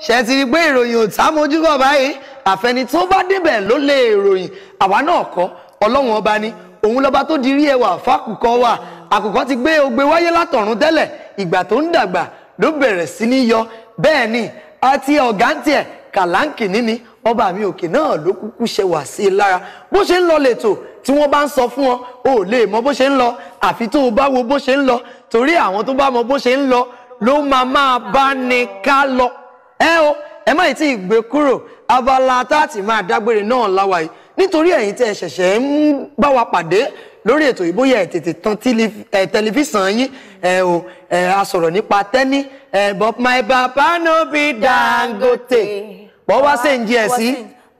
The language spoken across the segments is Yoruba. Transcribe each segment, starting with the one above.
ṣe ti rí pé ìròyìn ò tá mojúbọ báyìí àfẹni tó bá débẹ̀ ló lè ròyìn àwa náà kọ́ ọlọ́run ọba ni òun lọ́ba tó di rí ẹwà fákùkọ wa àkùkọ ti gbé ogbe wáyé látọ̀run tẹ́lẹ̀ ìgbà tó ń dàgbà ló bẹ̀rẹ̀ sí ní yọ bẹ́ẹ̀ ni àti ọ̀gá ń tiẹ̀ kàláǹkì níní ọba mi òkè náà ló kúkú ṣe wà sí i lára bó ṣe ń lọ lẹ́tọ̀ tí wọ́n bá ń sọ fún ọ ò lè mọ bó ṣe ń lọ àfi tó o bá wo bó ṣe ń lọ torí àwọn tó bá mọ bó ṣe ń lọ ló máa máa bá ní ká lọ ẹ o ẹ má tí ì gbé kúrò abala táàtì máa dágbére náà láwa yìí nítorí ẹ̀yin tí ẹ ṣẹ̀ṣẹ̀ ń bá wa pàdé lórí ètò ìbóyá ẹ tètè tán tẹlifíṣàn yín ẹ o ẹ a sọ̀rọ̀ nípa tẹ́ní ẹ but my papa no be Dangote bọ́ wá sí ǹjẹ́ ẹ sí.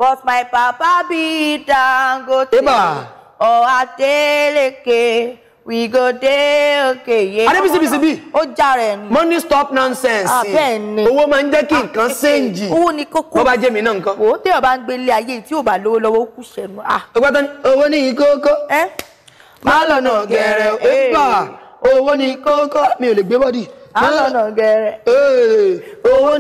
but my papa be Dangote ọ̀ àtẹ̀lẹ́kẹ̀ we go there, okay ye. adébísí bísí bí. ó já rẹ̀ ni. money stop nonsense. abẹ́ẹ̀ ah, ni owó máa ń jẹ́ kí ah, nǹkan séǹjì. Eh, eh, ni koko. bọ́ba jẹ́ mi náà nǹkan. wò ó téèyàn bá ń gbélé ayé tí ò bá lówó lọ́wọ́ ó kù sẹ́nu. Ah. ọgbọ́n owó ní kókó. ẹ má lọ́nà gẹ̀rẹ̀ ẹ̀gbà eh. owó ní kókó mi ò lè gbé bọ́dì. má lọ́nà gẹ̀rẹ̀ owó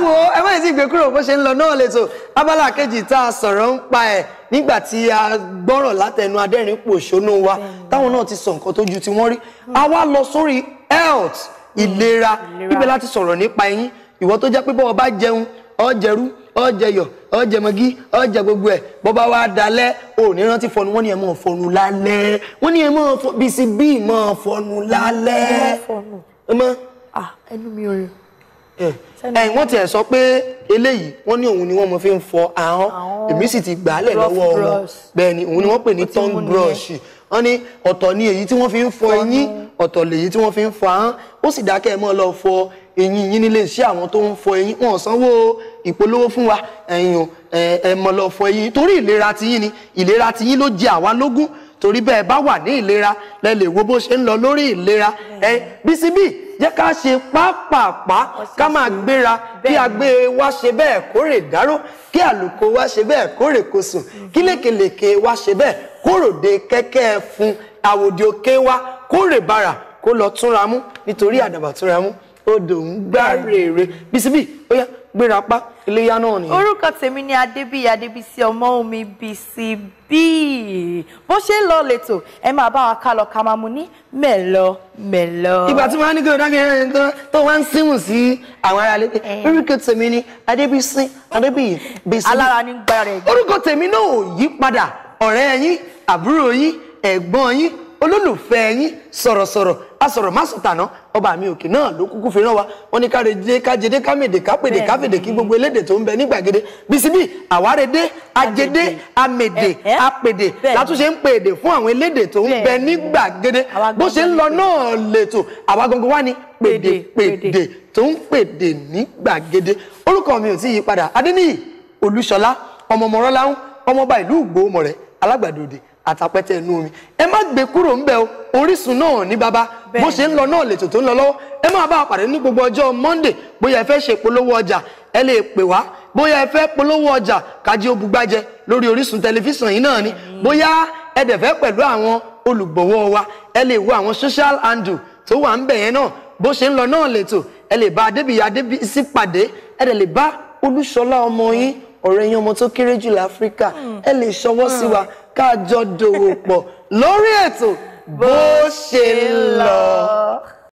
wo ẹ má yìí sì gbé kúrò bó ṣe ń lọ náà lẹ́tọ̀ abala kejì tá a sọ̀rọ̀ ń pa ẹ̀ nígbà tí a gbọ́rọ̀ látẹnu adẹ́rìn pòṣónú wa táwọn náà ti sọ nǹkan tó ju tí wọ́n rí a wá lọ sórí health ìlera ibẹ̀ láti sọ̀rọ̀ nípa eyín ìwọ tó jẹ́ pé bọ́ọ̀ bá jẹun ó jẹrú ó jẹyọ̀ ó jẹmọ́gí ó jẹ gbogbo ẹ̀ bọ́ bá wá dalẹ̀ ò ní rántí fọnu wọ́n ní ẹ̀ mọ́ fọnu lálẹ́ wọ́n ní ẹ̀ mọ́ bísí bí mọ́ fọnu lálẹ́. ọmọ ẹnu mi ò yọ. ẹ̀yìn wọ́n tiẹ̀ sọ pé eléyìí wọ́n ní òun ni wọ́n mọ fi ń fọ ahọ́n èmi sì ti gbàálẹ̀ lọ́wọ́ wọn bẹ́ẹ̀ ni òun ni wọ́n pè ní tongue brush wọ́n ní ọ̀tọ̀ ni èyí tí wọ́n fi ń fọ eyín ọ̀tọ̀ lèyí tí wọ́n fi ń fọ ahọ́n ó sì dákẹ́ ẹ mọ́ lọ fọ eyín yín nílé iṣẹ́ àwọn tó ń fọ eyín wọn sanwó ìpolówó fún wa ẹ̀yin o ẹ mọ́ lọ fọ eyín torí ìlera tiyín ni ìlera tiyín ló jẹ àwa lógún torí bẹ́ẹ̀ bá wà ní ìlera lẹ lè wo bó ṣe ń lọ lórí ìlera ẹ bísí bíi jẹ́ ká ṣe pápápá ká máa gbéra kí agbe wa ṣe bẹ́ẹ̀ kórè dáró kí àlùkò wa ṣe bẹ́ẹ̀ kórè kò sùn kí lékelèké wa ṣe bẹ́ẹ̀ kóròdé kẹ́kẹ́ fún àwòdì òkè wa kórè bàrà kó lọ túnra mú nítorí àdàbà túnra mú odò ń gbá rèrè bísíbí ó yá gbérapá iléyá náà nìyẹn. orúkọ tèmi ni adébíyí adébísí ọmọ omi bísí bíi bó ṣe ń lọ lẹ́tọ̀ ẹ máa bá wa ká lọ ká máa mu ní mẹ́lọ mẹ́lọ. ìgbà tí wọ́n á ní kí o dákẹ́ ẹ̀rọ tó tó wá ń síwùn sí àwọn ará létí orúkọ tèmi ni adébísí adébíyí bísí. alára ní gbára rẹ̀. orúkọ tèmi náà yí padà ọ̀rẹ́ yín àbúrò yín ẹ̀gbọ́n yín olólùfẹ́ yín sọ̀rọ̀sọ̀rọ̀ asọ̀rọ̀ má sọ̀tàná ọba mi òkè náà ló kúkú fi rán wa wọn ní kárejé kájedé kámèdè kápèdè káfèdè kí gbogbo elédè tó ń bẹ nígbàgede bisibí àwáredé ajedé amèdè apèdè látúnṣe ń pè èdè fún àwọn elédè tó ń bẹ nígbàgede bó ṣe ń lọ náà lètò àwa gangan wá ní pèdè pèdè tó ń pèdè nígbàgede orúkọ mi ò tí yí padà adéníyì olúṣọlá ọmọ mọ̀rọ́láhùn ọmọọba ìlú ìgbòho mọ̀rẹ́ alágbàdo òde àtàpẹ́tẹ inú omi ẹ má gbé kúrò ńbẹ̀ o Orísun náà ní bàbá bó ṣe ń lọ náà lètò tó ń lọ lọ́wọ́ ẹ máa bá a pàdé ní gbogbo ọjọ́ Monday bóyá ẹ fẹ́ ṣe polówó ọjà ẹ lè pè wá bóyá ẹ fẹ́ polówó ọjà kájí obugbájẹ lórí Orísun tẹlifíṣàn yìí náà ni mm. bóyá ẹ dẹ̀ fẹ́ pẹ̀lú àwọn olùgbọ̀wọ́ wa ẹ lè wo àwọn social handle tó wà ń bẹ̀ yẹn náà bó ṣe ń lọ náà lètò ẹ lè bá adébíyí adébísí pàdé ẹ dẹ̀ lè bá olúṣọlá ọmọ yín ọ̀rẹ́ yín ọmọ tó kéré jù láfíríkà mm. ẹ lè ṣọwọ́ sí wa mm kájọ dòwò pọ̀ lórí ètò bó ṣe ń lọ.